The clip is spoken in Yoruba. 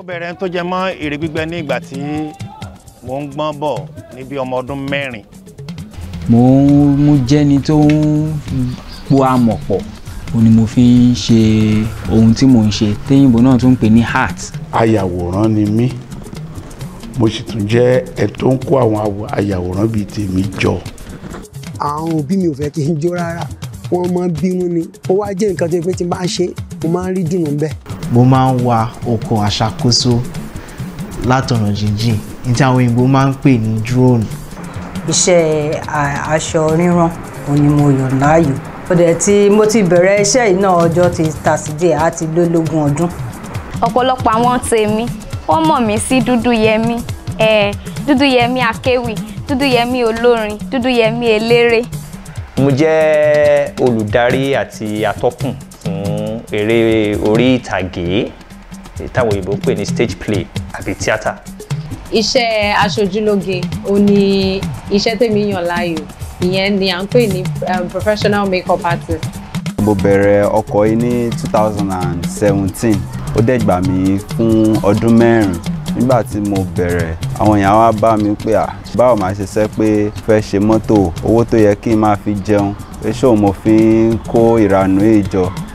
mo bẹ̀rẹ̀ tó jẹ mọ́ èrè gbígbẹ ní ìgbà tí mo ń gbọ́n bọ̀ níbi ọmọ ọdún mẹ́rin. mo ń mú jẹ́ni tó ń po amọ̀ pọ̀ òun ni mo fi ń ṣe ohun tí mò ń ṣe téyìnbó náà tún ń pè ní art. ayàwòrán ni mí mo sì tún jẹ́ ẹ tó ń kó àwọn ayàwòrán bíi tèmi jọ. àwọn òbí mi ò fẹ́ kí n jó rárá wọ́n máa ń bínú ni ó wá jẹ́ nǹkan tó yẹ pé tí n bá ṣe mo máa ń rí dùnnú bẹ́ẹ̀ mo máa ń wa ọkọ̀ aṣàkóso látọ̀nà jínjìn ní tí àwọn òyìnbó máa ń pè ní drone. iṣẹ́ aṣọ rírán òun ni mo yàn láàyò ó dẹ̀ tí mo ti bẹ̀rẹ̀ iṣẹ́ yìí náà ọjọ́ ti tàsídẹ̀ẹ́ á ti lé lógún ọdún. ọ̀pọ̀lọpọ̀ àwọn tèmi wọ́n mọ̀ mí sí dúdú yẹmí dúdú yẹmí akéwì dúdú yẹmí olórin dúdú yẹmí eléré. mo jẹ́ olùdarí àti atọ́kùn fún eré orí ìtàgé táwọn òyìnbó pè ní stage play àbí tíátà. iṣẹ́ aṣojúlóge ó ní iṣẹ́ tèmi yàn láàyò ìyẹn ni à ń pè ní um, professional makeup artist. mo bẹ̀rẹ̀ ọkọ̀ yìí ní two thousand and seventeen ó dẹ̀ gbà mí fún ọdún mẹ́rin nígbà tí mo bẹ̀rẹ̀ àwọn èèyàn wá bá mi pé à báwo máa ṣe ṣe pé fẹ́ ṣe mọ́tò owó tó yẹ kí n máa fi jẹun pé ṣóò mo fi ń kó ìranù ìjọ